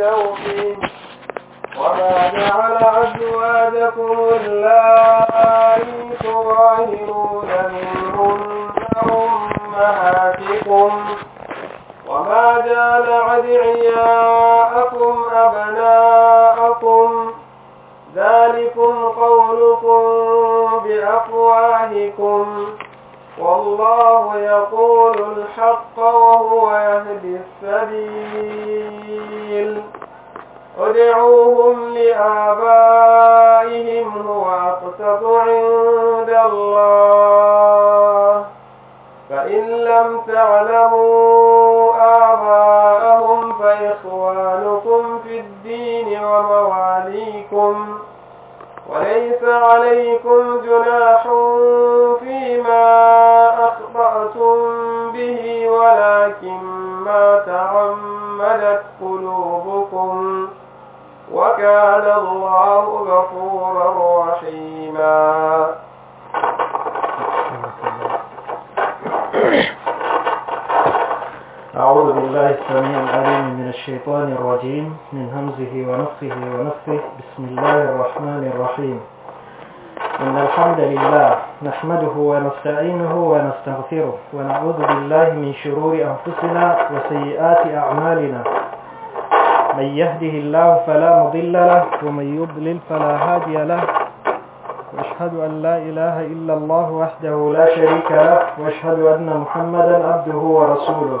توفيق وما جعل أزواجكم اللائي تظاهرون منهن أمهاتكم وما جعل أدعياءكم أبناءكم ذلكم قولكم بأفواهكم والله يقول الحق وهو يهدي السبيل ادعوهم لآبائهم هو أقسط عند الله فإن لم تعلموا آباءهم فإخوانكم في الدين ومواليكم وليس عليكم جناح فيما أخطأتم به ولكن ما تعمدت قلوبكم وكان الله غفورا رحيما أعوذ بالله السميع العليم من الشيطان الرجيم من همزه ونفخه ونفخه بسم الله الرحمن الرحيم إن الحمد لله نحمده ونستعينه ونستغفره ونعوذ بالله من شرور أنفسنا وسيئات أعمالنا من يهده الله فلا مضل له ومن يضلل فلا هادي له وأشهد أن لا إله إلا الله وحده لا شريك له وأشهد أن محمدا عبده ورسوله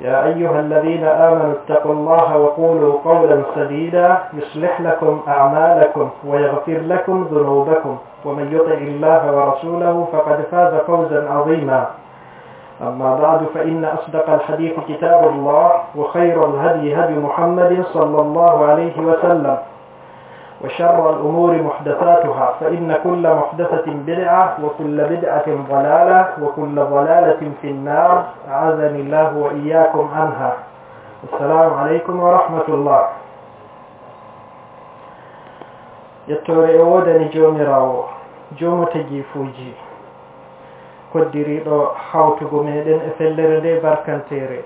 يا أيها الذين آمنوا اتقوا الله وقولوا قولا سديدا يصلح لكم أعمالكم ويغفر لكم ذنوبكم ومن يطع الله ورسوله فقد فاز فوزا عظيما أما بعد فإن أصدق الحديث كتاب الله وخير الهدي هدي محمد صلى الله عليه وسلم وشر الأمور محدثاتها فإن كل محدثة بدعة وكل بدعة ضلالة وكل ضلالة في النار أعاذني الله وإياكم عنها السلام عليكم ورحمة الله يتوري أودني جومي راو جومو تجي فوجي كدري دو حوتو ميدن أفلر دي بركنتيري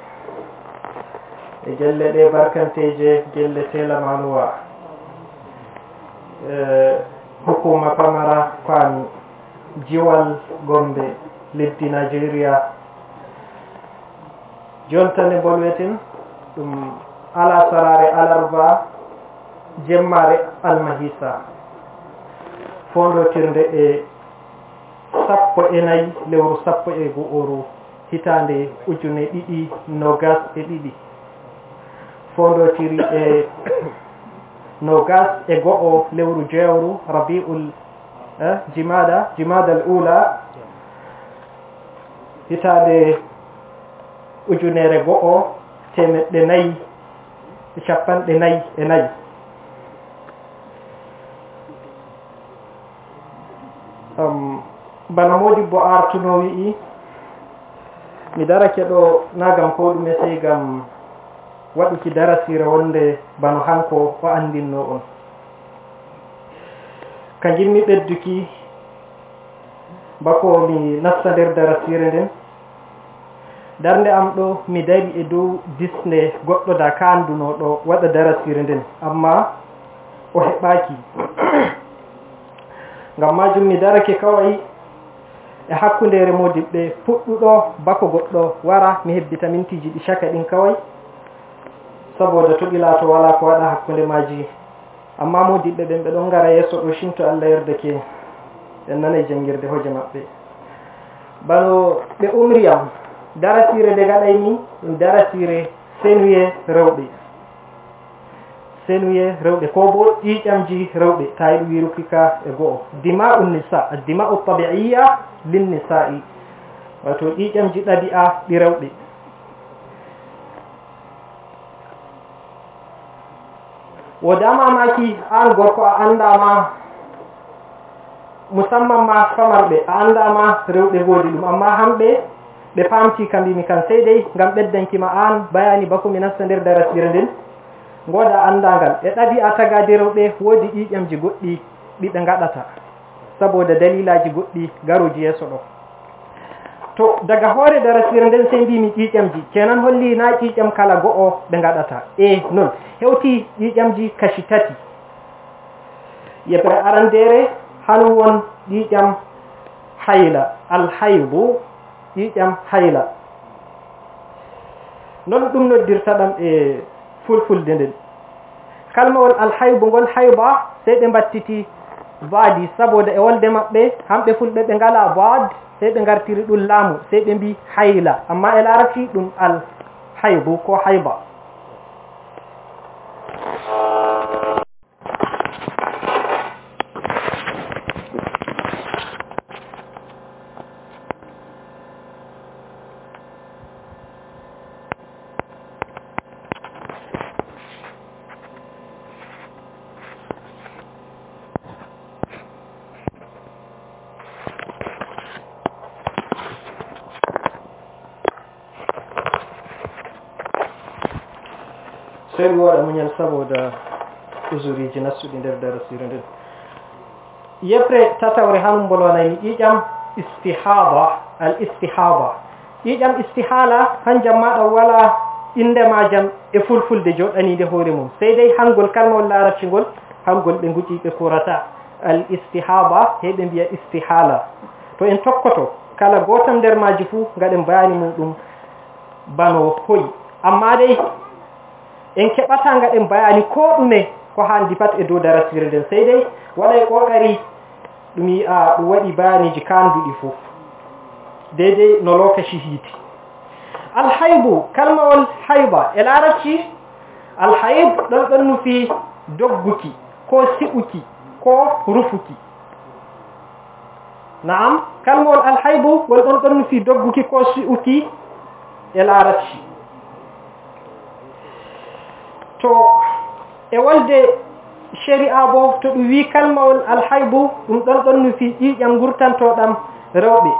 جلة دي بركنتيجي جلة تيلا مانوا Eh, hukuma pamara kan jiwal gombe leddi nigeria jontani bolweten ɗum ala sarare alarba jemmare almahisa fondotirde e sappo e nayyi lewru sappo e go'oru hitande ujune ɗiɗi nogas e ɗiɗi fondotiri e no gas e go'o lewru jewru rabiul eh, jimada jimada l ula hitade ujunere go'o temeɗɗe nayyi e capanɗe nayyi e nayyi um, bana modi bo artuno wi'i mi darake ɗo nagam ko ɗume sey gam waɗuki darasira wonde bano hanko o andinno on kanjinmi ɓedduki bako mi nasta nder darasire nden darde am ɗo mi dari e dow disne goɗɗo da ka andunoo ɗo waɗa darasire nden amma o heɓaaki ngam majum mi darake kawayi e hakkundere modiɓɓe puɗɗuɗo bako goɗɗo wara mi hebbita mintiji ɗi caka ɗin kawayi saboda to ɓila to wala ko waɗa hakkunde maji amma modiɓɓe ɓen ɓe ɗon gara yesso ɗo shinto allah yerdake ɓen nana jangirde hoje maɓɓe bano ɓe umriyam darasire nde gaɗayni ɗum darasire senuye rewɓe senuye rewɓe ko bo ɗiƴamji rewɓe ta yiɗu wirukika e go'o dima u nisa dima u tabiiya linnisa'i wato ɗiƴamji ɗadi'a ɗi rewɓe wada mamaki an gorko a dama musamman ma famarɓe a dama rewɓe godi ɗum amma hamɓe ɓe kambi mi kan sey gam ngam ma an bayani mi nasta nder darasire nden ngoda andangal e ɗabi a taga derewɓe wodi ƴiƴamji goɗɗi ɗiɓe ngaɗata saboda dalilaji goɗɗi garuji yeso ɗo to daga hoore darasira nden sey mbimi ƴiiƴam ji ceenan holli na ƴiiƴam kala go'o ɓe gaɗata e eh, noon hewti ƴiiƴam ji kasi tati yebre arandere hano won ƴiiƴam hayla alhaylu ƴiiƴam hayla noon ɗum noddirta ɗam e fulfulde nden kalmawol alhayba ngol hayba sey ɓe mbattiti vaadi saboda e wolde maɓɓe hamɓe fulɓe ɓe ngala vaad sey ɓe ngartiri ɗum laamu sey ɓe mbi hayla amma e larabci ɗum al haybu ko hayba sai wara munyan saboda uzuri ji nasu din der dar sirin din yepre tatawre hanum bolwana ni ijam istihaba al istihaba ijam istihala hanjam ma wala inde majam e fulfulde joɗanide hoore mum sey dey hangol kalmawol laaracingol hangol ɓe guƴƴi ɓe korata al istihaba he ɓe mbiya istihala to en tokkoto kala gotam nder maji fuu ngaɗen bayani mum ɗum bano hoyi amma dey In keɓata nga ɗin bayani ko ɗume ko handi pat e dow darasire sai dai dey waɗay ƙoƙari ɗum yi'a ɗum waɗi bayaniji kanduɗi fof daidai no lokaci hiti alhaibu kalmawol haiba e larabci alhaib ɗon ɗon nufi dogguki ko siɓuki ko rufuki na'am kalmawol alhaibu wani ɗon ɗon nufi dogguki ko si'uki e larabci to e wolde chéri a bo to ɗum wi kalmawol alhaybu ɗum ɗon ɗon no fi ƴiƴam gurtantoɗam rewɓe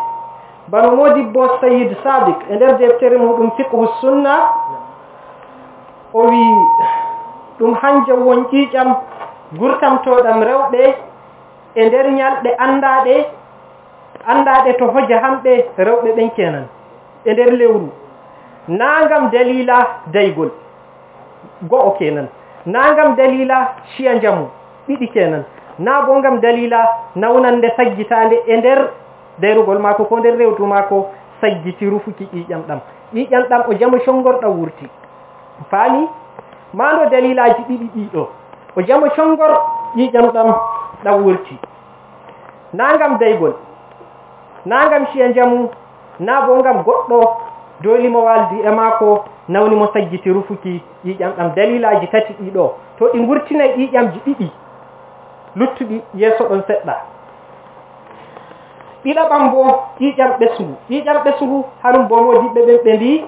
bano modi bo sayid sadik e nder deftere muɗum fiqhu sunna o wi ɗum hanjo won ƴiƴam gurtantoɗam rewɓe e nder ñalɗe anndaɗe anndaɗe to hoja hamɓe rewɓe ɓen kenan e nder lewru nangam dalila daygol go'o kenan gam dalila shiya jamu ɗiɗi kenan na go ngam dalila nawnande saggitande e nder dayrugol mako ko nder rewtu mako saggiti rufuki ƴiƴam ɗam ƴiƴam ɗam o jama congorɗam wurti faami mando dalilaji ɗiɗi ɗiɗo o jama congor ƴiƴam ɗam ɗam wurti na gam daygol na gam shiya njamu na bo ngam goɗɗo doolimo waaldi e maako nawni mo sajjiti rufuki ƴiiƴam ɗam dalilaaji tati ɗiɗo to ɗi ngurtinay ƴiiƴamji ɗiɗi luttuɗi yeeso ɗon seɗɗa ɗiɗaɓam bo ƴiiƴam ɓesngu ƴiiƴam ɓesngu hanum bo modiɓɓe ɓen ɓe mbi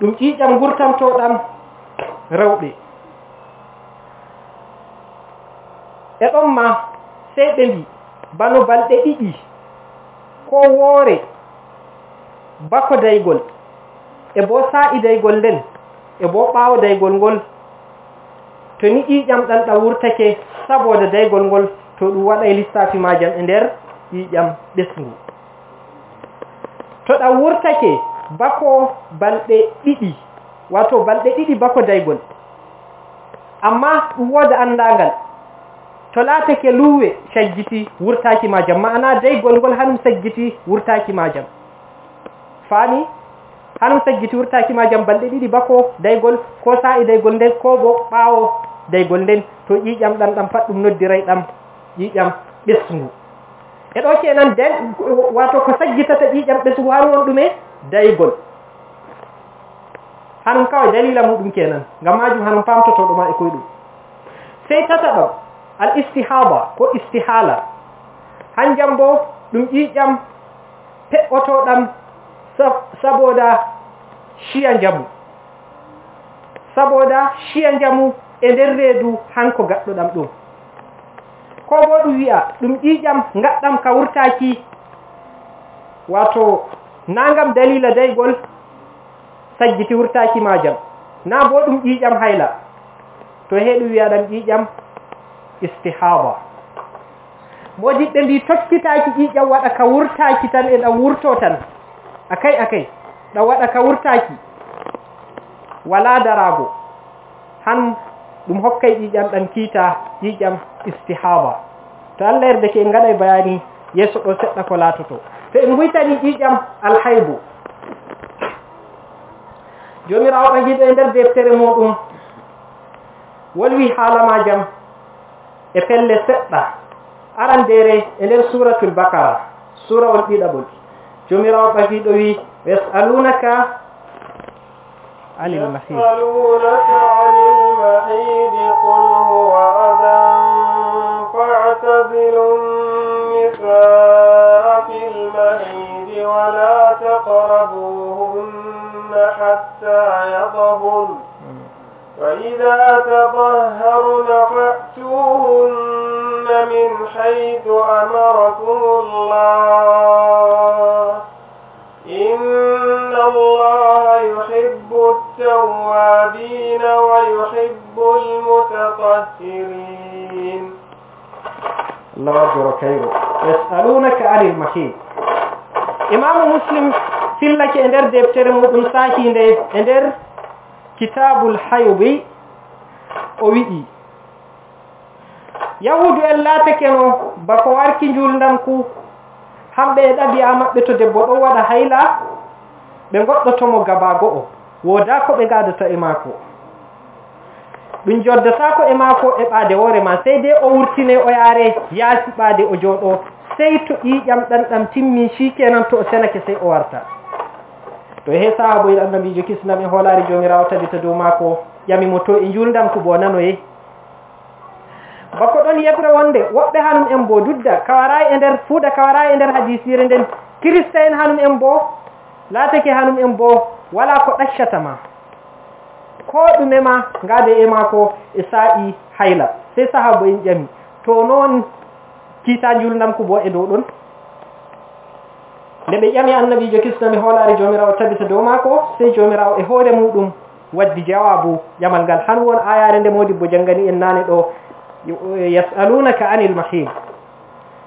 ɗum ƴiiƴam ngurtantoɗam rewɓe e ɗon ma sey ɓe mbi bano balɗe ɗiɗi ko woore bako daygol e bo sa'i daygol nden e bo ɓawo daygol ngol to ni ƴiiƴam ɗan ɗan wurtake saboda daygol ngol to ɗum waɗa e lissafi majam e nder ƴiiƴam ɓesngu to ɗan wurtake bako balɗe ɗiɗi wato balɗe ɗiɗi bako daigol amma ɗum woda andagal to ke luwe shaggiti wurtaki majam ma'ana daygol ngol hanum sajjiti wurtaki majam fani. hano saggiti wurtakima jam balɗe ɗiɗi bako daygol ko sa'i daygol nden ko bo ɓawo daygol nden to ƴiƴam ɗam ɗam pat ɗum noddiray ɗam ƴiƴam ɓesngu e ɗo kenan den wato ko saggitata ƴiƴam ɓesngu hano won ɗume daygol hanum kawa dalila muɗum kenan ngam majum hanum pamtotoɗoma e koye ɗum sey tata ɗo al istihaba ko istihala hanjam bo ɗum ƴiƴam pe otoɗam saboda shiyan jamu saboda shiyan jamu e nder redu hanko dam ɗum ko bo ɗum wi'a ɗum jam gaɗɗam ka wurtaki wato nangam dalila daygol sajjiti wurtaki majam na bo ɗum jam hayla to wi'a dam ɗam jam istihaba mo jiɗɓe mbi tokkitaki jam wada ka wurtaki tan e ɗam wurto tan akai akai ɗawaɗa ka wurtaki wala darago. han ɗum hokkai dan ɗan kiita jam istihaba to allah yarda ke en bayani Yesu do seɗɗa ko latoto to en di jam alhaibu jomi rawo ngi e der deftere muɗum walwi haalama jam e pelle seɗɗa arandere e der suratul bakara wal ɗiɗaɓol jomirawo fagiɗo wi yasalunaka عن المحيط يسألونك عن المحيط قل هو أذى فاعتزلوا النساء في المحيط ولا تقربوهن حتى يطهرن فإذا تطهرن فأتوهن من حيث أمركم الله إن الله يحب التوابين ويحب المتطهرين الله أكبر كيرو يسألونك عن المحيط إمام مسلم في لك إندر دفتر مقنصاكي إندر كتاب الحيوبي أوئي yahudu en laatake no bako warki njuulndanku hamɓe e ɗabiya maɓɓe to debbo ɗon waɗa hayla ɓe goɗɗotomo gaba go'o woodaa ko ɓe ngaadata e maako ɗum joddataako e maako e ɓaade woore ma sey de o wurtine o yaare yaasi ɓaade o jooɗo sey to ƴiiƴam ɗanɗam timmi cikenan to o senake sey o warta to e hee saha boyi e annabijo kisnami e hoolaari joomirawo tabita dow maako ƴami mo to e njuulndanku bo nano yey bako ɗon yebre wonde woɓɓe hanum en bo, dudda kawara e nder fuuda kawara e nder hadisire nden kirista en hanum en bo laatake hanum en bo, wala ko ɗaccata ma ko ɗume ma ngaade e maako e sa'i, hayla sey saha bo en ƴami to noon kiita julnam ko bo e dow ɗon nde ɓe ƴami annabijo kisna mi hoolaari jomirawo tabita dow maako sey jomirawo e hoore muɗum waddi jawabu ƴamal ngal han won ayare nde modi bo janngani en naane ɗo yasalunaka anil mahim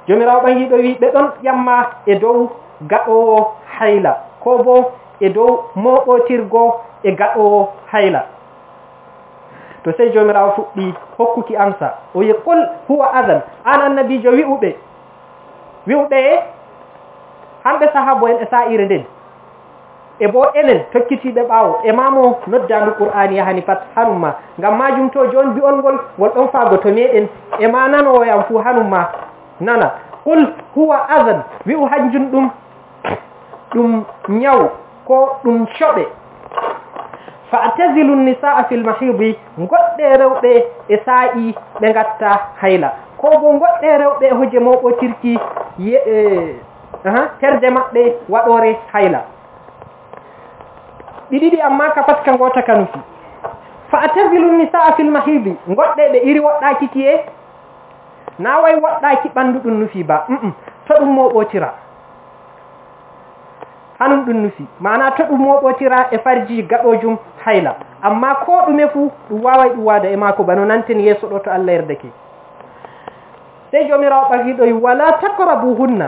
jomirawo ɓangiɗo wi ɓe ɗon ƴamma e dow gaɗowo hayla ko bo e dow moɓotirgo e gaɗowo hayla to sey jomirawo fuɗɗi hokkuki amsa o wi qol huwa adan an annabijo wi'uɓe wi'uɓe hamɓe sahabo en e sa'ire nden e bo enen tokkitiiɓe ɓaawo e mamo noddaandu qur'ani yahani pat hanumma ngam majum to jooni mbiol ngol ngol ɗon faago to meɗen e ma nanooyam fuu hanumma nana qul huwa adan wi'u hanjum ɗum ɗum ñaw ko ɗum coɓe fa tasilu nisaa fi lmahidi goɗɗe rewɓe e saa'i ɓe ngatta hayla ko bo goɗɗe rewɓe hoje mawɓotirki eh, terde maɓɓe waɗore hayla ɗi ɗiɗi amma ka pat ka ngoota kanufi fa atafilu nisaa fi lmahidi goɗɗe ɓe iri woɗɗaki kiye na way woɗɗaki ɓanndu ɗum nufi ba um um to ɗum mooɓootira hanum ɗum nufi mana to ɗum mooɓootira e farji gaɗojum hayla amma ko ɗume fuu ɗum waaway ɗum waada e maako bano nanten yeeso ɗo to allah yerdake sey joomirawo ɓagiɗoy wala takrabuhunna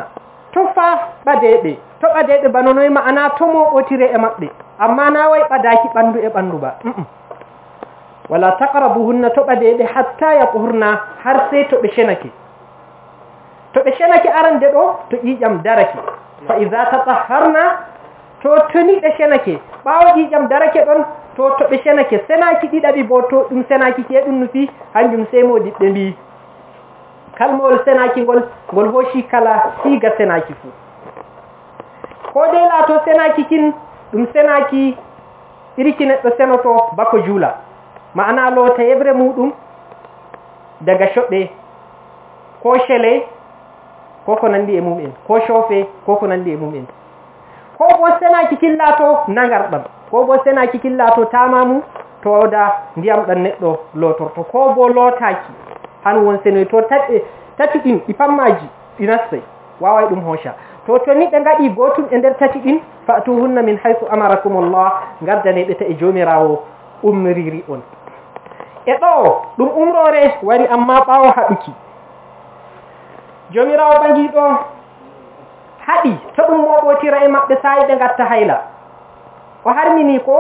tofa ɓadeɓe to ba ɗe bananoyma ana mo otire e maɓɓe amma na way ɓadaki bandu e bandu ba wala taqrabuhunna to ɓade ɗe hatta yakuhurna har sai to ɓe cenake to ɓe aran arande ɗo to ƴiiƴam darake fa idza tatahharna to tuni ɗe cenake ɓaawo ƴiiƴam darake ɗon to to ɓe cenake senaki ɗiɗaɓi bo to ɗum senaki ke ɗum nufi, hanjum seymo diɓɓe mbi kalmowol senaki ngol ngol hoshi kala siiga senaki fu. Ko dai lato senaki kin ɗum senaki iriki neɗɗo senoto bako juula ma'ana lota yebre muɗum daga coɗɗe ko shele ko ko nandi e mum'en ko shofe, ko ko nandi e mum'en ko bo senaki kin laato nagarɗam ko bo senaki kin laato tamamu da ndiyam ɗam neɗɗo lootorto ko bo lotaki, han won senoy to tati ɗin ɗi pammaaji ɗi dum hosha ɗum to ni ɓe ngaɗi gotum e nder tati ɗin hunna min haythu amarakumullah gardane ɓe ta'i jomirawo umriri on e ɗo ɗum umrore wari amma ɓawo haɗuki jomirawo ɗo haɗi ta ɗum moɓotira e maɓɓe sayi ɓe gatta hayla o harmini ko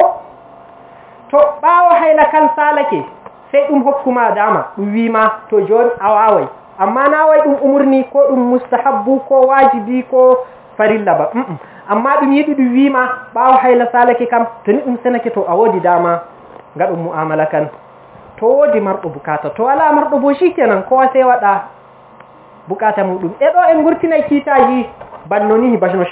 to ɓawo hayla kan salake sey ɗum hokkuma dama ɗum wima to joni a wawai. amma na wai ɗum umurni ko ɗum mustahabbu ko wajibi ko farilla ba amma ɗum yi ɗum wima wa haila salake kam to ni ɗum sanake to a wodi dama ga ɗum mu'amala kan to wodi marɗo bukata to wala marɗo bo shikenan kowa sai waɗa bukata muɗum e ɗo en gurtinay kiitaji banno ni basno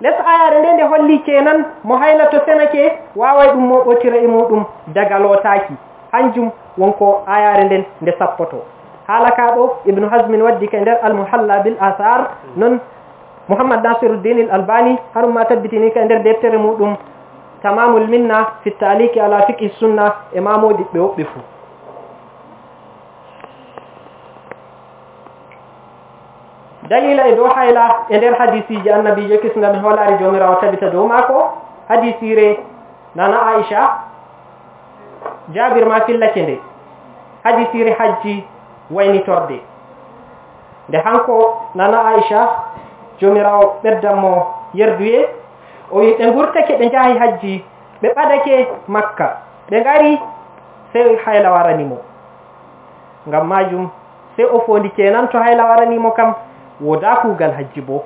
les ayare nde nde holli kenan mo haila to senake wawai ɗum moɓotira e muɗum daga lotaki hanjum wanko ayare nden nde sappoto حالك أبو ابن حزم ودي كان در المحلى بالآثار نن محمد ناصر الدين الألباني هرم ما تبتيني كان در ديبتر مؤلم تمام المنة في التعليق على فقه السنة إمامه بيوقفه دليل إدوحة إلى إدر حديثي جاء النبي جكس نبي هو لاري جومي راو تبت دوماكو حديثي ري نانا عائشة جابر ما في اللي كنت حديثي ري حجي waynitorde nde hanko nana aicha jomirawo ɓeddanmo yerduye o wi ɓe gurtake ɓe njahi hajji ɓe ɓadake makka ɓe ngari sey hayla waranimo ngam majum sey o fondi kenan to hayla waranimo kam woda kuugal hajji bo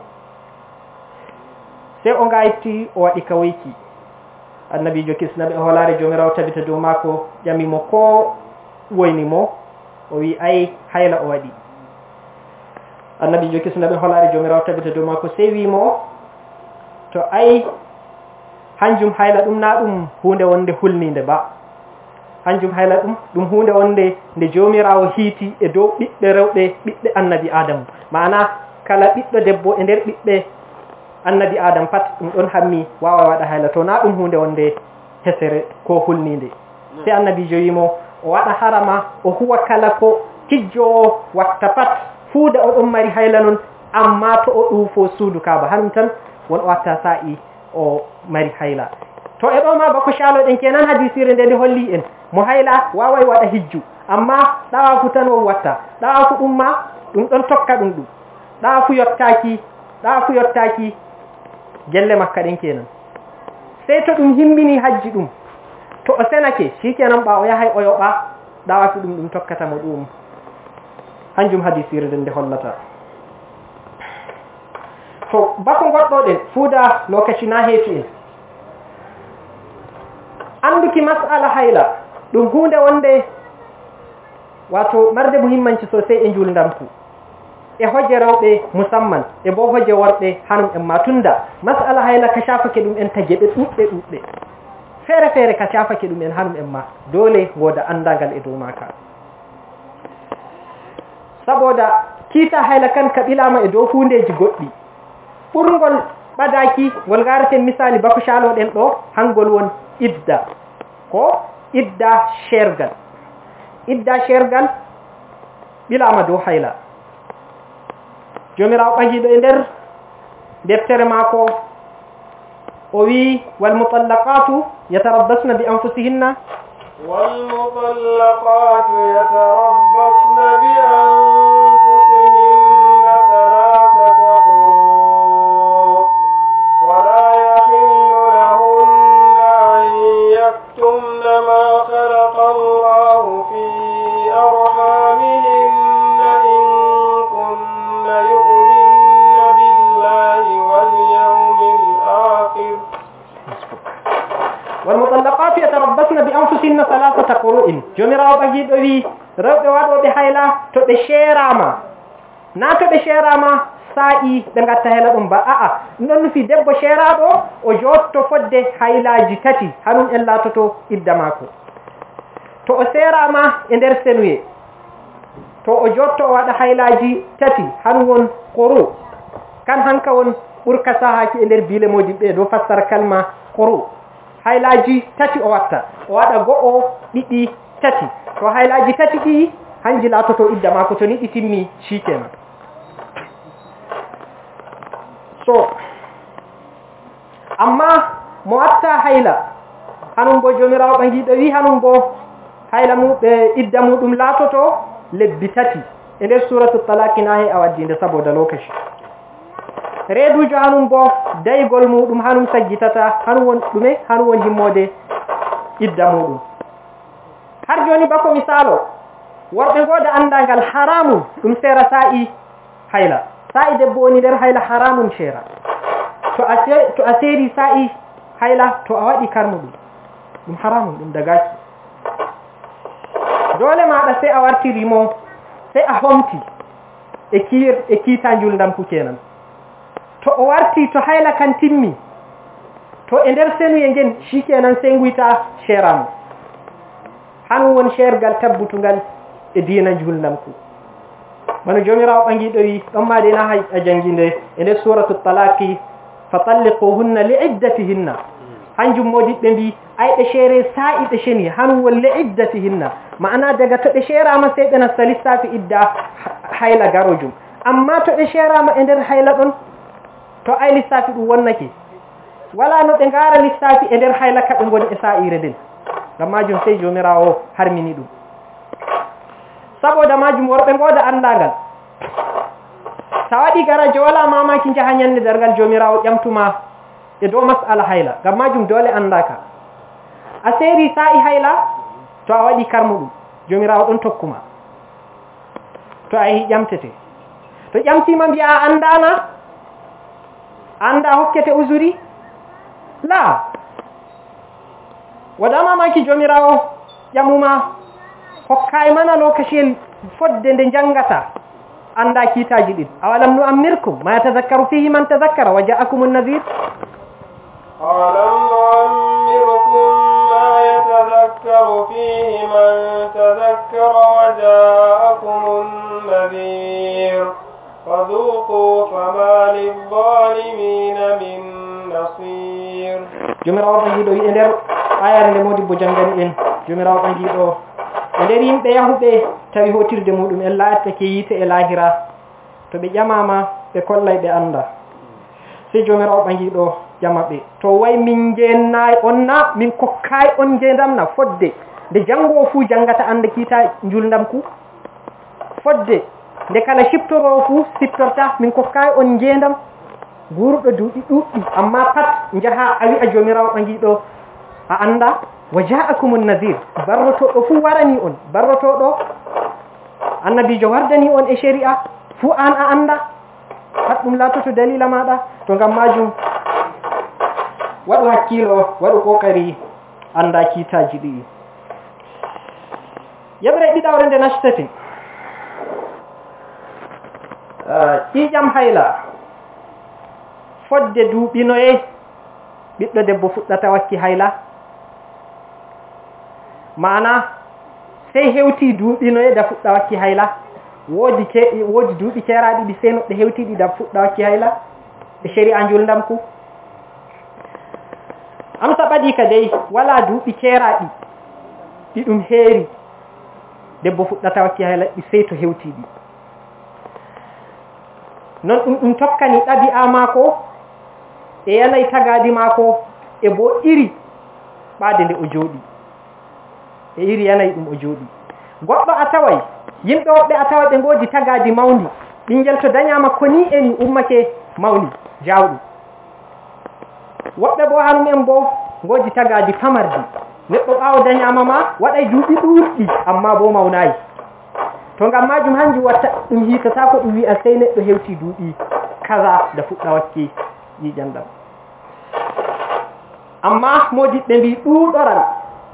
sey o ngayitti o waɗi kawoyki annabijo kisnaɓe holare jomirawo tabita dow maako ƴamimo ko woynimo o wi ay hayla o waɗi annabi jokisnaɓe holaari jomirawo tabita dow maako sey wiimo to ay hanjum hayla ɗum na ɗum hunde wonde hulniinde ba hanjum hayla ɗum ɗum hunde wonde nde joomirawo hiiti e dow ɓiɓɓe rewɓe ɓiɓɓe annabi adamu mana kala ɓiɓɓe debbo e nder ɓiɓɓe annabi adam pat ɗum ɗon hammi wawa waɗa hayla to na ɗum hunde wonde hesere ko hulniinde sey annabi jowimo o waɗa harama o huwa kala ko kijjowo watta pat fuuda o ɗon mari hayla non amma to o ɗuufo suudu kaaba hanum tan won o watta sa'i o mari hayla to e ɗo ma bako ɗen kenan hadisire nde nde holli en mo hayla waway waɗa hijju amma ɗawafu tan won watta ɗawafu ɗum ma ɗum ɗon tokka ɗum ɗum ɗawafu yottaki ɗawafu yottaki gelle makka ɗen kenan sey to ɗum himmini hajji ɗum to o senake shikenan ɓa o yahay o yoɓa ɗawaki ɗum ɗum tokkatamo ɗum hanjum hadi sirede nde hollata to bako goɗɗo ɗen fuuda lokaci na heetu en annduki masala hayla ɗum hunde wonde wato marde muhimmanci sosai e njuldampu e hoje rawɓe musamman e bo hoje worɓe hanum en ma tunda masala hayla ka shafake ɗum en tageɓe ɗuɓɓe ɗuɓɓe Fere-fere ka shafa ɗum en hanum en ma dole goda an dagal ido e maka saboda kita hailakan kan ka ɓilama e dow hundeji goɗɗi ɓurgol ɓadaki ngol garaten misali bako ɗin ɗo hangol won idda ko idda shergal idda shergal ɓilama haila. hayla jomirawo ɓagiɗo e nder deftere mako. وي والمطلقات يتربصن بانفسهن والمطلقات يتربصن بانفسهن kinno salasata qur'in jomirawo ɓagiɗo wi rewɓe waɗoɓe hayla to ɓe sheerama na to ɓe sheerama sa'i ɓe gatta hayla ɗum ba a'a ɗum ɗon nufi debbo sheeraɗo o jotto fodde haylaji tati hanum en latoto idda mako, to o seerama e nder senuye to o jotto o waɗa haylaji tati han won quru kan hanka won ɓurka sahaji e nder bilemoji ɓe ɗo fassara kalma quru Hailaji tati o watta o waɗa go'o ɗiɗi tati to hailaji tati ɗi hanji latoto idda mako to ni ɗi timmi shikenan so amma mo watta hayla hanum bo jomirawo ɓangiɗo wi hanum bo hayla muɓe idda muɗum latoto lebbi tati e nder suratu talaki he a waddinde saboda lokaci reeduu hanum bo daigol muɗum hanum sajjitata hanum won ɗume han won himmoode idda muɗum har joni bako misalo worɓe gooda anndangal haramun ɗum seera sa'i hayla sa'i debbo woni nder hayla haramun seera to a to a seeri sa'i hayla to a waɗi karmuɗum ɗum haramun ɗum dagaki dole maɗa sey a wartiri mo sey a homti e kiir e kiita fu kenan to o warti to hayla kan timmi to e nder senuye ngen shikenan senguita sheeramo han won sheergal tabbutungal e diina julnamku bano jomirawo ɓangiɗo wi ɗon maɗi na hay a janginde e nder suratu talaki fa talliquhunna li iddatihinna hanjum modiɓɓe mbi ay ɗe sheere sa'i ɗe sheni han wolle iddatihinna ma'ana daga to shera sheerama sey ɓe salisa fi idda hayla garojum amma to shera sheerama e nder hayla ɗon to ai lissafi ɗu wannan ke wala no ɓe ngara lissafi e nder haylaka ɓe ngoni e sa'ire din ngam majum sai jomirawo har mini ɗum saboda majum worɓe goda andagal, ta waɗi garaje wala mamaki hanyar ne dargal jomirawo ƴamtuma e do masala hayla ngam majum dole andaka a seeri sa'i hayla to a waɗi karmuɗum jomirawo ɗon tokkuma to a yi ƴamtete to ƴamtima mbiya a andana anda hokkete uzuri? la waɗama maki jomirawo ƴamuma hokkay mana lokaciyel fodde nde janngata anda kiitaji ɗin awalam nu ammirkum ma yatazakkaru fihi man tazakkara wa ja'akum nnadir awalam nu ammirkum ma yatazakkaru fihi man tazakkara wa ja'akum nnadir فذوقوا فما للظالمين من نصير جمراو قنجيدو يي اندر ايار ندي مودي بو جانغاني ان جمراو قنجيدو اندر يم بي ياهو بي تاوي هوتيردي مودوم ان لاات تاكي ييتا اي لاهيرا تو بي جاماما بي كولاي بي اندا si jomirawo ɓangiɗo jamaɓe to way min jennayi on na min kokkayi on jeendam na fodde nde janngo fuu janngata annda kiita njulndam ku fodde de kala siptoro fu siptorta min kay on ngendam guruɗo duudi duudi amma pat njaha a wi'a jomirawo do a anda waja'akum an-nadhir barato do fu warani on annabi annabijo wardani on e shari'a fu an a anda pat ɗum to dalila mada to gam majum wadu hakkilo wadu kokari anda kitaji di yabre ɗiɗawre nde nastete ƴiiƴam hayla fodde duuɓinoye ɓiɗɗo debbo fuɗɗata wakki hayla mana sey hewti duuɓinoye da fuɗɗa wakki hayla woodi ke woodi duuɓi ceeraɗiɗi sey noɗɗo hewtiɗi da fuɗɗa wakki hayla ɓe séri a njulndam ku am saɓaɗi ka dey wala duuɓi ceeraɗi ɗi ɗum heeri debbo fuɗɗata wakki hayla ɗi sey to hewtiɗi non ɗum tokkani ɗabi'a maako e yanayi tagadi maako e bo iri ɓaade nde o jooɗi e iri yanayi ɗum o jooɗi goɗɗo a taway yimɓe woɓɓe a tawa ɓe ngoodi tagaadi mawndi ɓinngel to danyama koni eni ummake mawni, jaawɗi woɓɓe bo hanum en bo ngoodi tagaadi pamardi neɗɗo ɓaawo danyama ma waɗay duuɓi ɗuɗɗi amma bo mawnayi to ga majum hanji wata ɗum hita ta ko ɗum wi'a sai neɗɗo hewti dubi kaza da fuɗɗa wakke yi ɗam amma modiɓɓe bi dudaran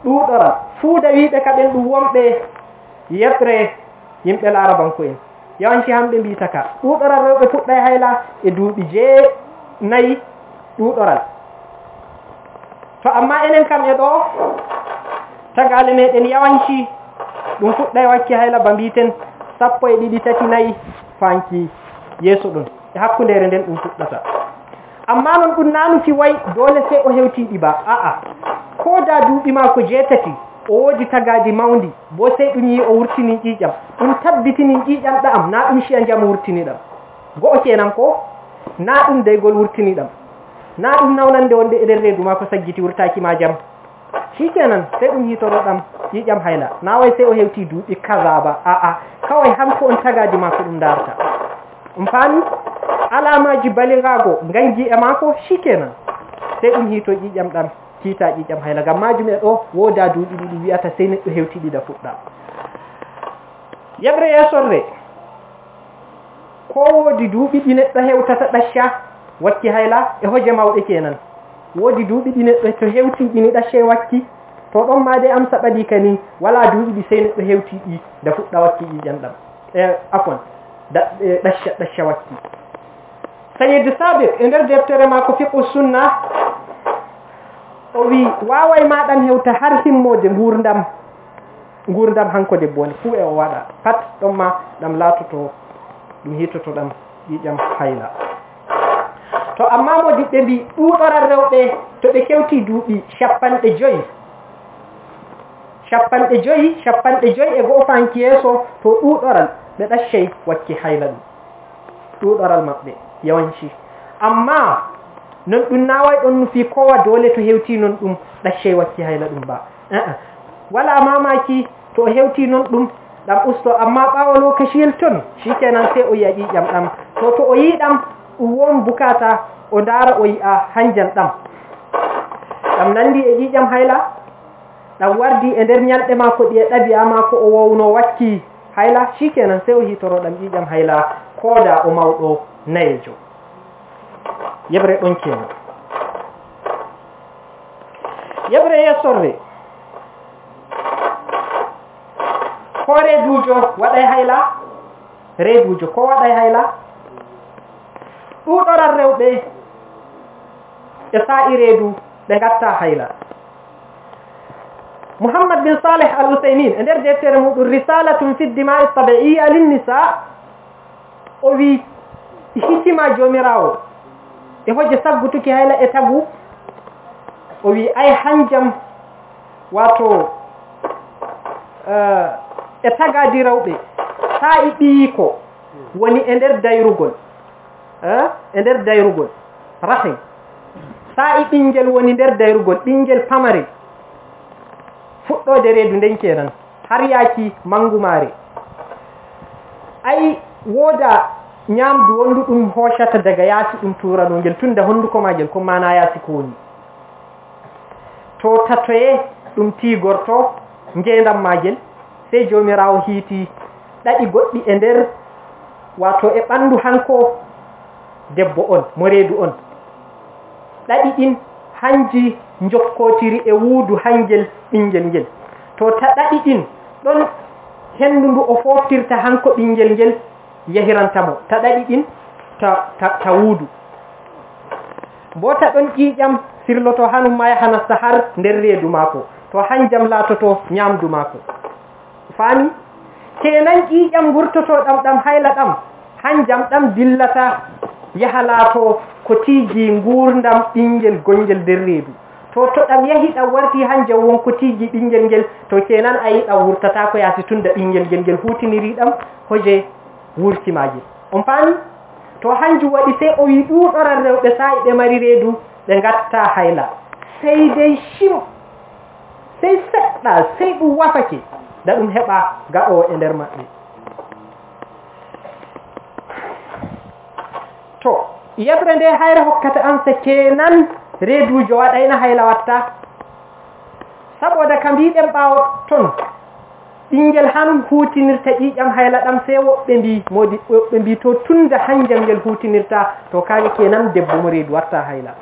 dudaran fu da wiɓe kaɓen ɗum wonɓe yeɓre yimɓe laarabanko en yawanci hambe bi taka ɗuɗoral rewɓe fuɗɗay hayla e dubi je nay dudaran to amma enen kam e ɗo tagale meɗen yawanci ɗum fuɗɗay wakki haila mbiten sappo e ɗiɗi tati nayi fanki yeso ɗon e hakkundere nden ɗum fuɗɗata amma non ɗum nanuti way dole sey o hewtiɗi ba a'a ko da duuɓi mako jeetati o woodi tagaji mawndi bo sey ɗum yi o wurtini ƴiiƴam ɗum tabbitini ƴiiƴam ɗa'am na ɗum ciya jamu wurtini ɗam go'o kenan ko na ɗum daygol wurtini ɗam na ɗum nawnande wonde e nder reedu ma ko saggiti wurtaki ma jam shikenan sai ɗum hitoro ɗam yiƴam hayla na way sai o hewti duuɓi kaza ba a a kawai hanko on tagaji mako ɗum darta um fami alamaji baligago gangi e mako shikenan sai ɗum hito ƴiƴam ɗam kiita ƴiƴam hayla gam majum e ɗo woda duuɗi ɗiɗi wiyata sey neɗɗo hewti ɗiɗa fuɗɗa yeɓre yesorre ko woodi duuɓi ɗi neɗɗo hewtata ɗacca wakki hayla e hoje mawɗe kenan woodi duuɓi ɗi neɗɗo to hewti ɗi ni ɗacce wakki to ɗon maade am saɓaɗi kani wala duuɓi ɗi sey neɗɗo hewti ɗi nde fuɗɗa wakki ɗi ƴanɗam e afon ɗacca e, ɗacca wakki sayidde sabir e nder deftere ma ko fiqu sunna o wi waway maɗan hewta har himmode gurdam gurdam hanko debbo woni fuu e o waɗa pat ɗon ma ɗam laatoto ɗum hitoto ɗam ɗi ƴam hayla to amma modiɓɓe mbi ɗuɗoran rewɓe to ɓe kewti duuɓi capanɗe joyi capanɗe joyi capanɗe joyi e goo fanki yeeso to ɗuɗoral ɓe ɗaccey wakki hayla ɗum ɗuɗoral maɓɓe yawanci amma non ɗum naway ɗon no fi kowa dole to hewti noon ɗum ɗaccey wakki hayla ɗum ba wala mamaki to o hewti noon ɗum ɗam usto amma ɓawa lokaciyel ton shikenan sey o yiya ƴiƴam ɗam to to o yiɗam won bukata o ndaara o yi'a hanjan ɗam ɗam nanndi e ƴiiƴam hayla ɗam wardi e nder ñalɗe maako ɗi e ɗabiya maako o wowno wakki hayla cikenan sey o hitoro ɗam ƴiiƴam hayla kooda o mawɗo nayejo yeɓre ɗon kenan yeɓre yessorre ko reedujo waɗay hayla reedujo ko waɗay hayla ɗuɗoran rewɓe e sa'ireedu ɓe ngatta hayla muhammad bin saleh al usaymin e nder deftere muɗum risalatum fi dima'i tabi'ia linnisa o wi hikima jomirawo e hojje saggutuki hayla e tagu o wi ay hanjam wato e tagadi rewɓe sa'i ɓiyiko woni e nder dayrugol e nder dayrugol rahim sa'i ɓingel woni nder dayrugol ɓingel pamare fuɗɗode reedu nden kenan har yaaki mare ay wooda ñaamdu wondu ɗum hosata daga yaasi ɗum tuurano tunda honduko maagel ko mana yaasi ko woni to tatoye ɗum tiigorto ngeendam maagel sey joomiraawo hiiti ɗaɗi goɗɗi e nder wato e ɓandu hanko debbo on mo reedu on ɗaɗi ɗin hanji jokkotiri e wuudu hangel ɓingel ngel to ta ɗaɗi ɗin ɗon hendu ndu o foftirta hanko ɓingel ngel yahirantamo ta ɗaɗi ɗin ta, ta, ta wuudu ta ɗon ƴiiƴam sirloto hanum ma yaha nasta har nder reedu maako to hanjam laatoto ñaamdu maako fami kenan ƴiiƴam ngurtotoɗam ɗam hayla ɗam hanjam ɗam dillata Yahalato ko tiji ngurdam ɓingel gongel nder reedu to to ɗam yahi ɗam warti hanjam won tiji ɓingel ngel to kenan a yi ɗam wurtata ko yaasi tunda ɓingel ngel ngel hutiniri ɗam hoje wurtimaji on faami to hanjum waɗi sey o wi ɗuɗoran rewɓe sa'i ɓe mari reedu ɓe ngatta hayla sey dey shim sey seɗɗa sey ɗum wafake da ɗum heɓa gaɗowo e nder maɓɓe to yeɓre nde hayre hokkata an secce nan reedujo waɗayna hayla watta saboda ka mbiɗen ɓawo ton ɓinngel hanum hutinirta ƴiƴam hayla ɗam sey woɓɓe mbi modi woɓɓe mbi to tunda hanjam ngel hutinirta to kaaɓe kenan debbo mo reedu watta hayla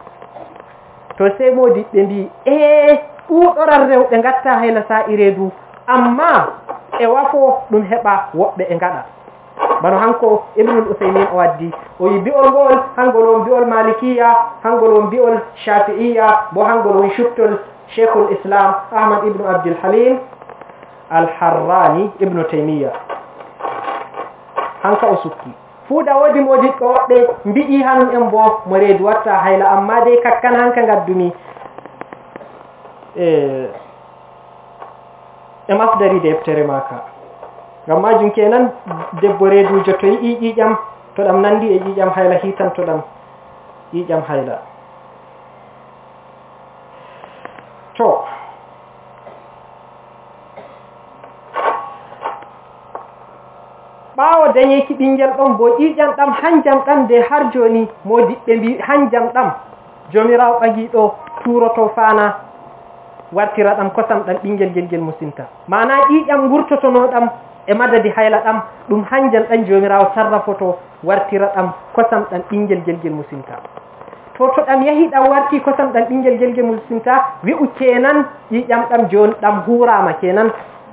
to sey modi ɓe mbi e ɓuuɗoral rewɓe gatta hayla sa i reedu amma e wafo ɗum heɓa woɓɓe e ngaɗa bano hanko ibnul usaymin o waddi o yi bi'ol ngol hangol won bi'ol malikiya hangol won bi'ol shafi'iya bo hangol won shuttol islam ahmad ibnu al alharrani ibnu taymiya hanka o sukki fuuɗa woodi mojiɗɗo woɓɓe mbi'i hanum en bo mo redu watta hayla amma dey kakkan hanka ngaddumi eh, e e mafdari deftere ma ngam majum kenan debbo reedujo to yi'i ƴiƴam to ɗam nandi e ƴiƴam hayla hitanto ɗam ƴiƴam hayla to ɓaawo ki ɓinngel ɗon bo tam ɗam hanjam ɗam de har jooni modiɓɓe mbi hanjam ɗam joomiraawo ɓagiiɗo tuuroto fana wartira ɗam kosam ɗam bingel gel gel musinta maana no tam e madadi hayla ɗam ɗum hanjal ɗan jomirawo sarrafoto wartira ɗam kosam ɗan ɓingel gelgel musinta to to ɗam yahi ɗam warti kosam ɗan ɓingel gelgel musinta wi'u kenan ƴiƴam ɗam joni ɗam hurama kenan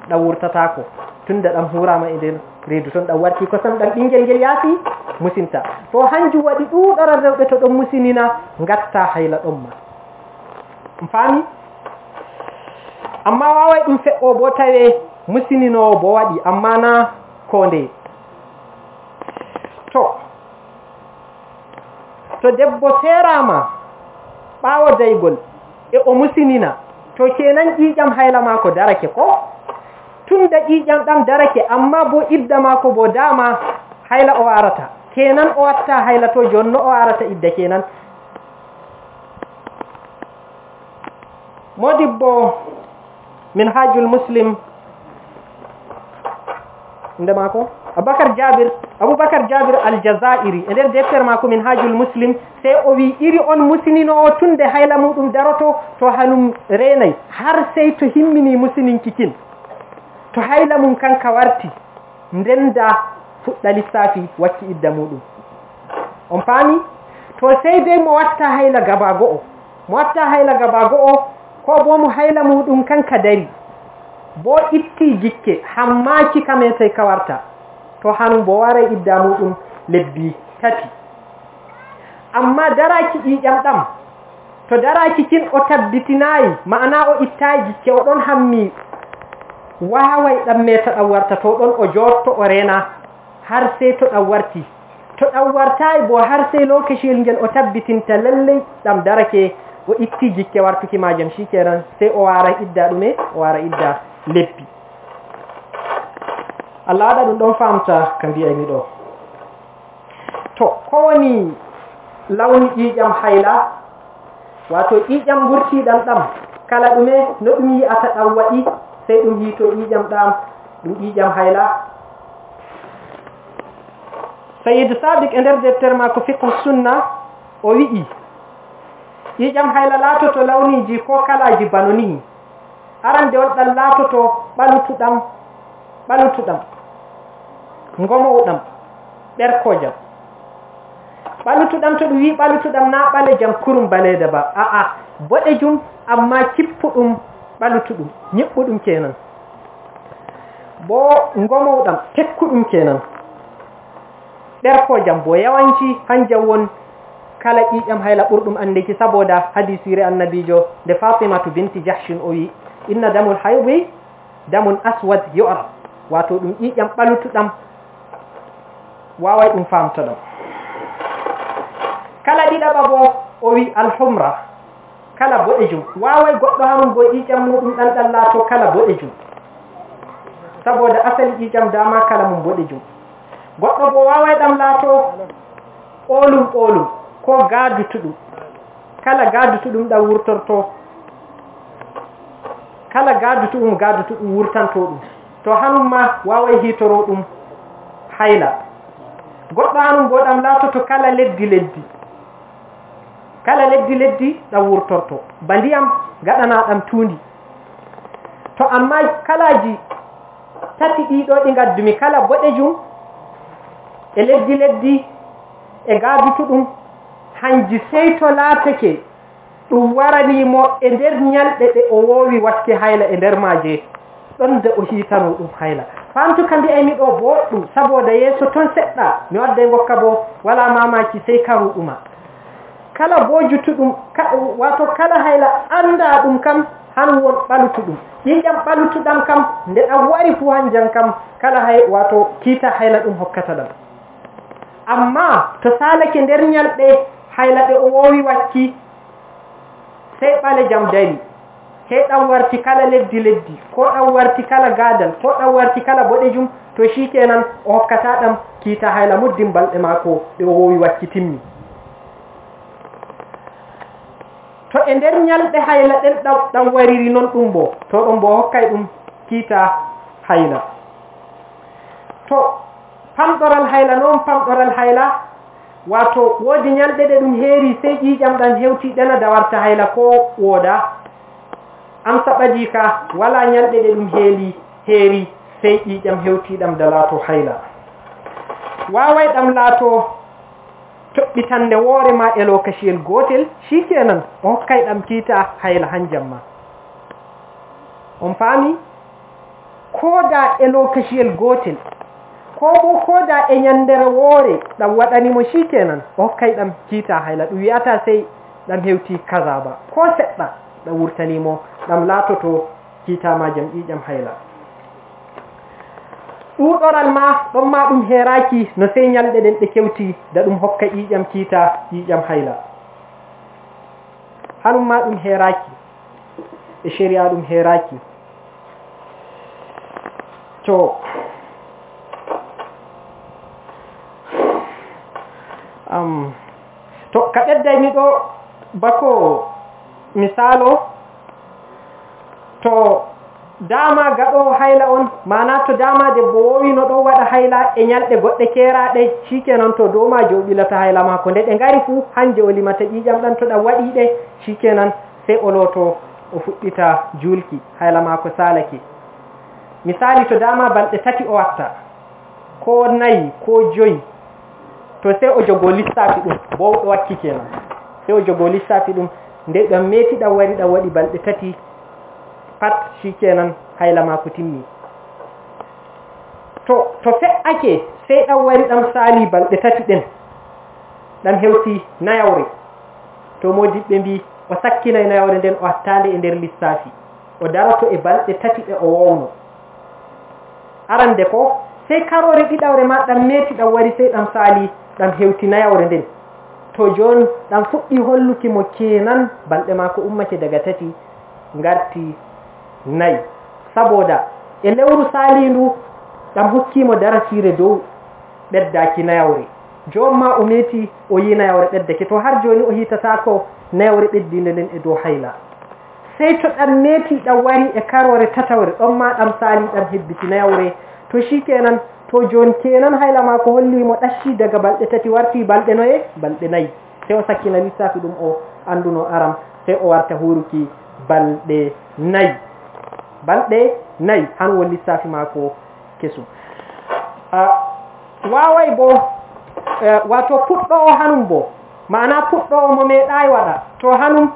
ɗam wurtatako tunda ɗam hurama e nder reedu ton ɗam warti kosam ɗan ɓingel ngel yaasi musinta to hanjum waɗi ɗuɗara rewɓe to ɗon musinina gatta hayla ɗon ma ɗum faami amma wawai ɗum fe'o bo tawe musinino bo waɗi amma na konde to to debbo serama ɓawo daygol e o musinina to kenan ƴiƴam hayla mako darake ko tun da ɗam darake amma bo idda mako bo dama hayla o arata kenan o watta hayla to jonno o arata idda kenan modibbo min hajul muslim nde maako jabir aboubacar jabir aljazairi e nder deftere maako min hajul muslim sey o wi iri on musininowo tunde hayla muɗum daroto to hanum renayi har sey to himmini musininki kikin to hayla mum kanka warti ndenda fuɗɗa lissafi wacci idda muɗum on paami to sey dey mo watta hayla gaba go'o mo watta hayla gaba go'o ko bo mo hayla muɗum kanka dari boo itti jikke hammaachi kametay ka warta to hanum bo waray idda muɗum lebbi tati amma daraki ƴiƴam ɗam to daraki kin o tabbitinayi ma'ana o ittayi o oɗon hammi waaway ɗam meta ɗam warta to ɗon o jotto o rena har sai to ɗam warti to ɗam wartayi bo har sai lokaciyel ngel o tabbitinta lalley ɗam darake wo itti jikke wartuki majam shikenan sai o wara idda dume o wara idda leppi allah da ɗum ɗon famta kan ka mbiyami do to ko kowoni lawni jam hayla wato burti dan dam kala dume no ɗum ata dan waɗi sai ɗum yiito ƴiƴam ɗam ɗum ƴiƴam hayla Sayyid sadik e nder deftere ma ko fiqhu sunna o wi'i yiƴam hayla laatoto lawniiji ko kalaaji bano nii arande on ɗan laatoto ɓalutuɗam ɓalutuɗam ngomowɗam ɓerkojam ɓalutuɗam to ɗum wi ɓalutuɗam na ɓale jam kurum baleeda ba aa boɗejum amma kippuɗum ɓalutuɗum ñiɓɓuɗum kenan bo ngomowɗam tekkuɗum kenan ɓerkojam bo yawanci hanjam won kala ƴiƴam e hayla ɓurɗum andiki saboda hadisire annabijo nde fatimatu binti jahshin o inna damul haybi damun aswad yu'raf wato ɗum ƴiƴam e ɓalutuɗam wawai ɗum famto ɗam kala ɗiɗaɓa bo o wi alhumra kala boɗejum Wawai goɗɗo hamum bo ƴiƴam e muɗum ɗan ɗan laato kala boɗejum saboda asali ƴiƴam dama kala mum boɗejum goɗɗo bo wawai ɗam laato olum-olum. ko gadutuɗum. kala gadutuɗum ɗan wurtorto kala gadutuɗum gadutuɗum gaadu wurtanto ɗum to hanum ma wawai hitoro ɗum hayla goɗɗo hanum bo ɗam latoto kala leddi leddi kala leddi leddi ɗan wurtorto ba ndiyam gaɗana ɗam tuundi to amma kalaji tati ɗiɗo ɗi gaddumi kala boɗejum e leddi leddi e gadutuɗum. hanji sey to laatake ɗum waranimo e nder ñalɗe ɗe o woowi watke hayla e nder maaje ɗon de o hiitano ɗum hayla famtu ka mbiyaymi ɗo booɗɗum saboda yeeso toon seɗɗa mi wadda e gokka bo wala mamaki sey karuɗuma kala boojutuɗum wato kala hayla annda ɗum kam han won ɓalutuɗum ƴiƴam ɓalutuɗam kam nde ɗam wari fuu han jan kam kala hay wato kiita hayla ɗum hokkata ɗam amma to saalake nder ñalɗe ɓe o wowi wakki sey ɓale jam dari sey ɗan warti kala leddi leddi ko ɗan warti kala gadal ko ɗan warti kala boɗejum to shi o hokkata ɗam kiita hayla muddin balɗe maako ɓe o wowi wakki timmi to e nder ñalɗe hayla ɗen ɗaw wariri non ɗum bo to ɗon bo hokkay ɗum kiita hayla to pamɗoral hayla noon pamɗoral hayla wato woodi ñalɗe ɗe ɗum heeri sey dan hewti dana da warta hayla ko woda am sabaji ka wala ñalɗe de dum heeli heeri sey hewti dam da lato hayla dam lato laato toɓɓitande wore ma e lokaciyel gotel shikenan o kai dam kita hayla hanjamma. jamma on fami ko da e lokaciyel gotel. ko bo ko da e nyandere wore dan wadani mo shikenan o kai dan kita hayla du yata sai dan hewti kaza ba ko sedda da wurtani mo dan latoto kita ma jam'i jam hayla ɗuɗoral ma ɗon ma ɗum heraki no sai nyalɗe ɗen ɗe kewti da ɗum hokka ƴiƴam kiita ƴiƴam hayla hanum ma ɗum heraki e shari'a ɗum heraki to am to ka ɓeddaymi ɗo bako misalo to dama gaɗo hayla on mana to dama debbo wowino ɗo waɗa hayla e ñalɗe goɗɗe keraɗe shikenan to domajo o ɓilata hayla mako nde ɗe gari fuu hanje o limata ƴiƴam ɗan to ɗam waɗiɗe shikenan sey o loto o fuɗɗita julki hayla mako salaki misali to dama balɗe tati o watta ko nayi ko joyi to sai ojogo lissafi ɗin bo wakki kenan sai ojogo lissafi ɗin dai ɗan meti ɗan wari ɗan waɗi balɗe tati pat shi kenan haila ma timmi to to ake sai ɗan wari ɗan sali balɗe tati ɗin ɗan hewti na to moji mbi o sakkinay na yawre nden o hattande e nder lissafi o darato e balɗe tati ɗe o wowno arande ko Sai karore ɗiɗaure ma ɗan meti ɗan wari sai ɗan sali ɗan hewtinayawre nden to John ɗan fuɗɗi holluki mo kenan balɗe maako ummake daga tati ngarti nai. saboda e lewru sali ndu ɗan hokkimo darasiire dow ɓeddaki nayawre John ma o meti o yi nayawre ɓeddake to har joni o hitatako nayawre ɓeddinde nden e dow hayla Sai to ɗan meti ɗan wari e karore tatawre ɗon ma ɗan sali ɗan hebbiti nayawre to shi kenan to jon kenan hayla ma ko holli mo dashi daga balɗe tati warti balɗe noye balɗe nay sai o sakkina lissafi ɗum o anduno aram sai o warta huruki balɗe nay balɗe nay han won lissafi maako kesum ah, Wawai bo eh, wato puɗɗo o hanum bo ma'ana puɗɗo o mo meeɗaay waɗa to hanum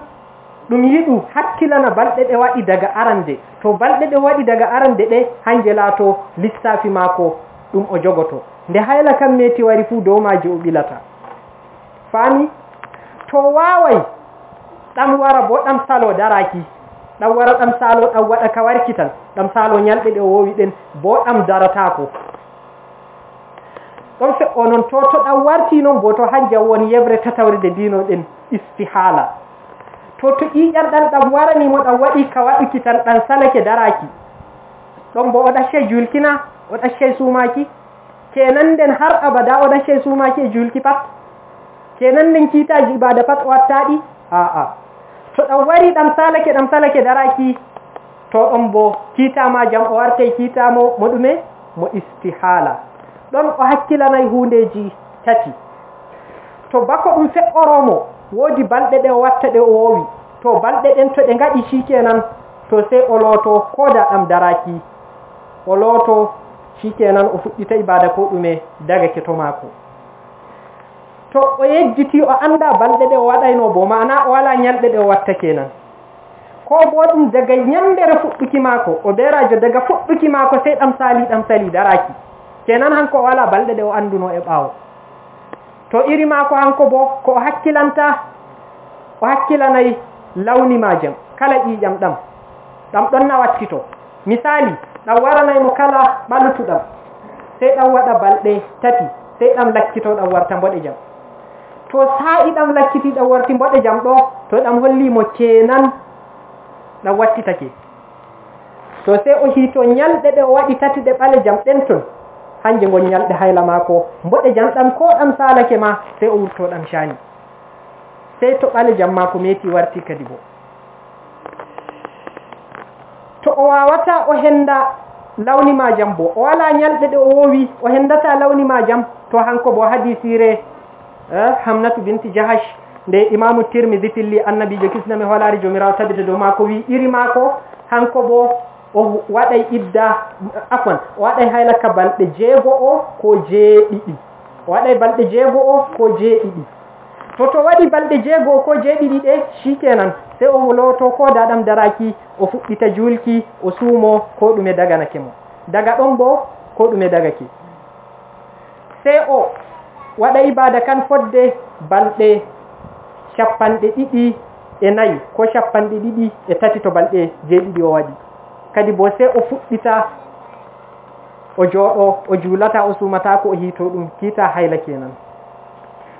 ɗum yiɗu hakkilana balɗe ɗe waɗi daga arande to balɗe ɗe waɗi daga arande ɗe hanje laato lissafi maako ɗum o jogoto nde hayla kam meti wari fuu dow maji o ɓilata faami to waaway ɗam wara bo ɗam salo daraki ɗam wara ɗam saalo ɗam waɗa ka warki tan ɗam saalo ñalɗe ɗe o wowi ɗen bo ɗam daratako ɗon feo noon to to ɗam warti noon bo to hanjam woni yebre tatawrede ndino ɗen istihala to to iyar ɗan dan warani mo ɗan waɗi ka waɗi ki tan ke salake daraki don bo oda shai julkina oda she sumaki kenan den har abada oda she sumaki e julki pat kenan din kita ji ba da fatwa tadi a a to ɗan wari ɗan salake ke salake daraki to ɗan bo kita ma jam o warte kita mo modume mo istihala don o hakkila nay hundeji tati to bako ɗum fe oromo Wodi balɗe ɗen watta ɗe owi to balɗe ɗen to ɗe ngaɗi shikenan to sai o loto ko da ɗam daraki o shi shikenan o fuɗɗita ibada ko ɗume daga keto maako to o yejjiti o annda balɗe ɗe o waɗayno bo mana o wala ñalɗe ɗe o watta kenan ko bo ɗum daga ñandere fuɗɗuki maako o berajo daga fuɗɗuki maako sey ɗam sali ɗam sali daraki kenan hanko o wala balɗe ɗe o annduno e ɓawo. to iri ma ko hanko bo ko o hakkilanta o hakkilanayi lawni ma jam kala ƴiƴam ɗam ɗam ɗon na wattito misali ɗam waranaymo kala ɓalutuɗam sey ɗam waɗa balɗe tati sey ɗam lakkito ɗam warta mboɗe jam to sa'i ɗam lakkiti ɗam warti mboɗe jam ɗo to ɗam hollimo kenan ɗam wattitake to sey o hiito ñalɗe ɗe o waɗi tati ɗe ɓale jam ɗen ton hanje ngon nyalɗe hayla maako mboɗe jam ɗam ko ɗam salake ma sai o wurto ɗam shani sai to ɓale jam maako meti warti kadi bo to o wawata o henda launi ma jam bo o wala ñalɗe ɗo o wowi o hendata launi ma jam to hanko bo hadisire eh, hamnatu binti jahash nde imamu tirmidi filli annabijo kisnami holari jomirawo tabita dow maako wi iri maako hanko bo waɗai idda afan waɗai hailaka balɗe jeego'o ko je jeeɗiɗi waɗai balɗe jeego'o ko je didi to to waɗi balɗe jeego ko je jeeɗiɗi ɗe shikenan sai o loto ko da daraki o fuɗɗita julki o sumo ko ɗume daganake mo daga ɗon bo ko ɗume dagake sai o wadai bada kan fodde balɗe capanɗe ɗiɗi e nayi ko capanɗe ɗiɗi e tati to balɗe didi o waɗi kadi bo sey o fuɗɗita o jooɗo o juulata o sumata ko o hiito ɗum kiita hayla kenan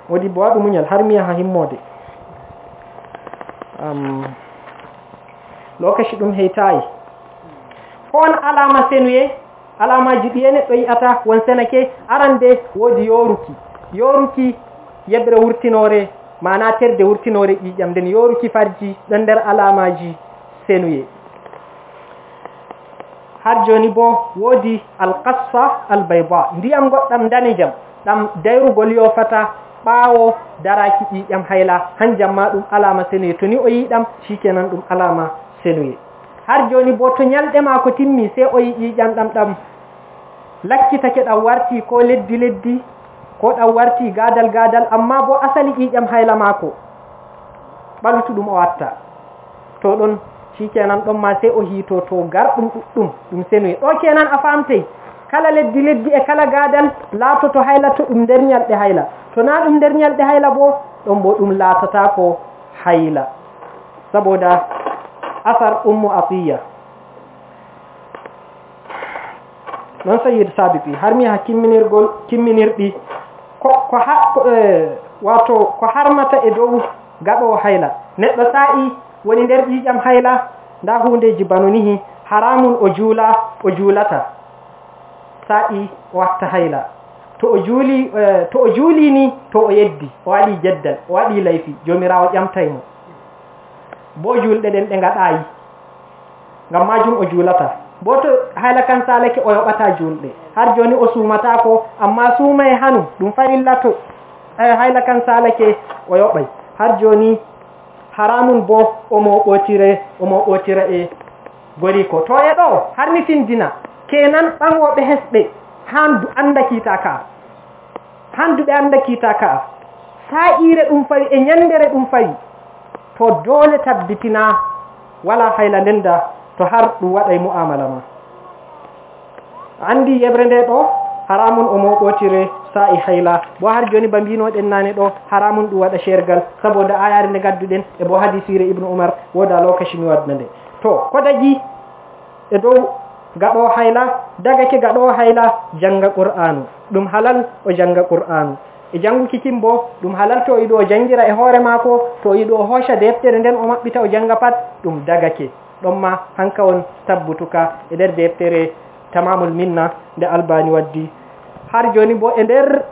woodi bo waɗu muñal har miya ha himmode lokaci ɗum heytayi ko on alama senuye alamaji ɗiye neɗɗo yi'ata won senake arande woodi yoruki yoruki yeɓre wurtinore mana terde wurtinore ƴiƴam nden yoruki farji ɗon nder alamaji senuye har joni bo woodi alkassa albayba ndiyam goɗɗam danijam ɗam dayrugol yofata ɓaawo daraki ƴiƴam hayla hanjam ma ɗum alama seluye to ni o yiɗam shikenan ɗum alama seluye har joni bo to ñalɗe maako timmi sey o yi ƴiƴam ɗam ɗam lakkitake ɗam warti ko leddi leddi ko ɗam warti gadal gadal amma bo asali ƴiƴam hayla maako ɓalutu ɗum o watta to ɗon shikenan ɗon ma sai o hitoto ɗum ɗuɗɗum ɗum senoyi ɗo kenan a famtai kala leddi leddi e kala gadal laatoto to ɗum nder ñalɗe hayla to na ɗum nder ñalɗe hayla bo ɗon bo ɗum laatata ko hayla saboda asar ummu atiya Non sayid sabiqi har mi ha kimminirgol kimminirɗi ko eh, wato ko harmata e dow gaɗo hayla neɗɗo sa'i woni nder ƴiƴam hayla nda hundeji banonihi haramun o juula o juulata saɗi o watta hayla to o juuli eh, to o juuli ni to o yeddi o waɗi jeddal o waɗi layfi jomirawo ƴamtay mo bo juulɗe ɗen ɗe ngaɗayi ngam majum o juulata bo to hayla kan salake o yoɓata juulɗe har joni o suumatako amma suumae hanu ɗum farillato eh, hayla kan salake o yoɓay har joni haramun bo omo ɓotire omo ɓotira e goli ko to e ɗo harni findina kenan ɓangoɓe hesɓe handu anda kiita ka handuɓe anda kiita ka sa'ire ɗum fayi e ñandere ɗum fayi to doole tabbitina wala hayla lelda to har ɗum waɗa e mu'amala ma andi yeɓre nde ɗo haramun omo ɓotire sa'i hayla bo har joni bambino ɗen nane ɗo haramun ɗum waɗa shergal saboda ayare nde gadduɗen e bo hadisire ibnu umar woda lokaci mi wadna nde to ko dagi e dow gaɗo daga dagake gaɗo hayla janga qur'anu ɗum halal o janga qur'anu e janguki kin bo ɗum halal to o jangira e hore mako to ido yiɗo deftere nden o maɓɓita o janga pat ɗum dagake ɗon ma hanka tabbutuka e nder deftere tamamul minna nde albani waddi har joni bo e nder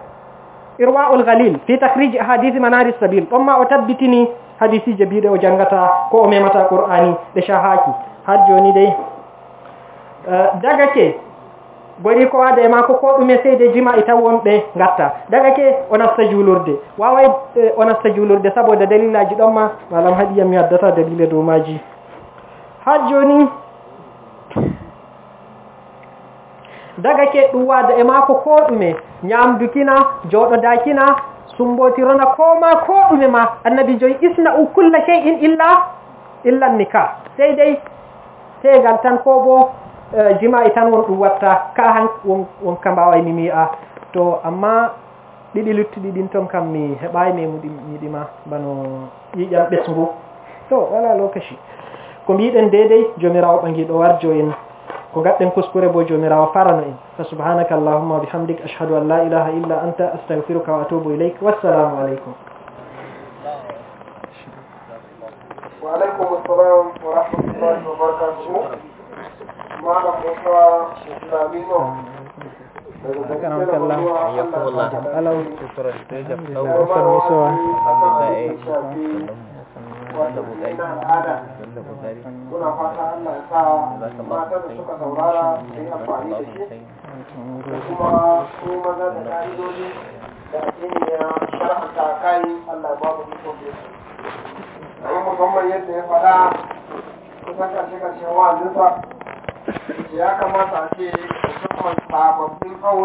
irwaul ghalil fi takriji ahadisi manaris sabil on ma o tabbitini hadisi je biɗe o jangata ko o memata qur'ani ɗe shahaki har joni dai e, dagake gori ko waada e mako ko ɗume seyde jima ita e taw wonɓe gatta daga ke o nasta juulurde waway e, o nasta juulurde saboda dalilaji ɗon ma malam haɗiyam mi addata dalile dow maji ha joni daga ke duwa da ema ko ko ɗume ñamdukina jooɗodakina sumbotirona ko ma ko ɗume ma annabi joyi isna u kulla shay'in illa illa nika sai dai sai tan ko bo eh, jima'i tan won duwata watta ka han won ka mbawayni mi a to amma didi luttiɗi ɗin ton kam mi mudi mi dima bano ƴiƴam ɓesngu to wala lokaci ko mi den dede jomirawo do warjo en ko gaɗɗen kuskure bo jomirawo farano en fa subhanaka allahumma bihamdik ashhadu an la ilaha illa anta astaghfiruka wa atubu ilayk wassalamu alaikum وعليكم السلام ورحمة الله وبركاته معنا موسى لامينو ذكرهم الله حياكم الله هلا وشكرا استجاب لو وصل وسوى الحمد لله muna fata Allah ya sa suka amfani da shi kamata a ce sababbin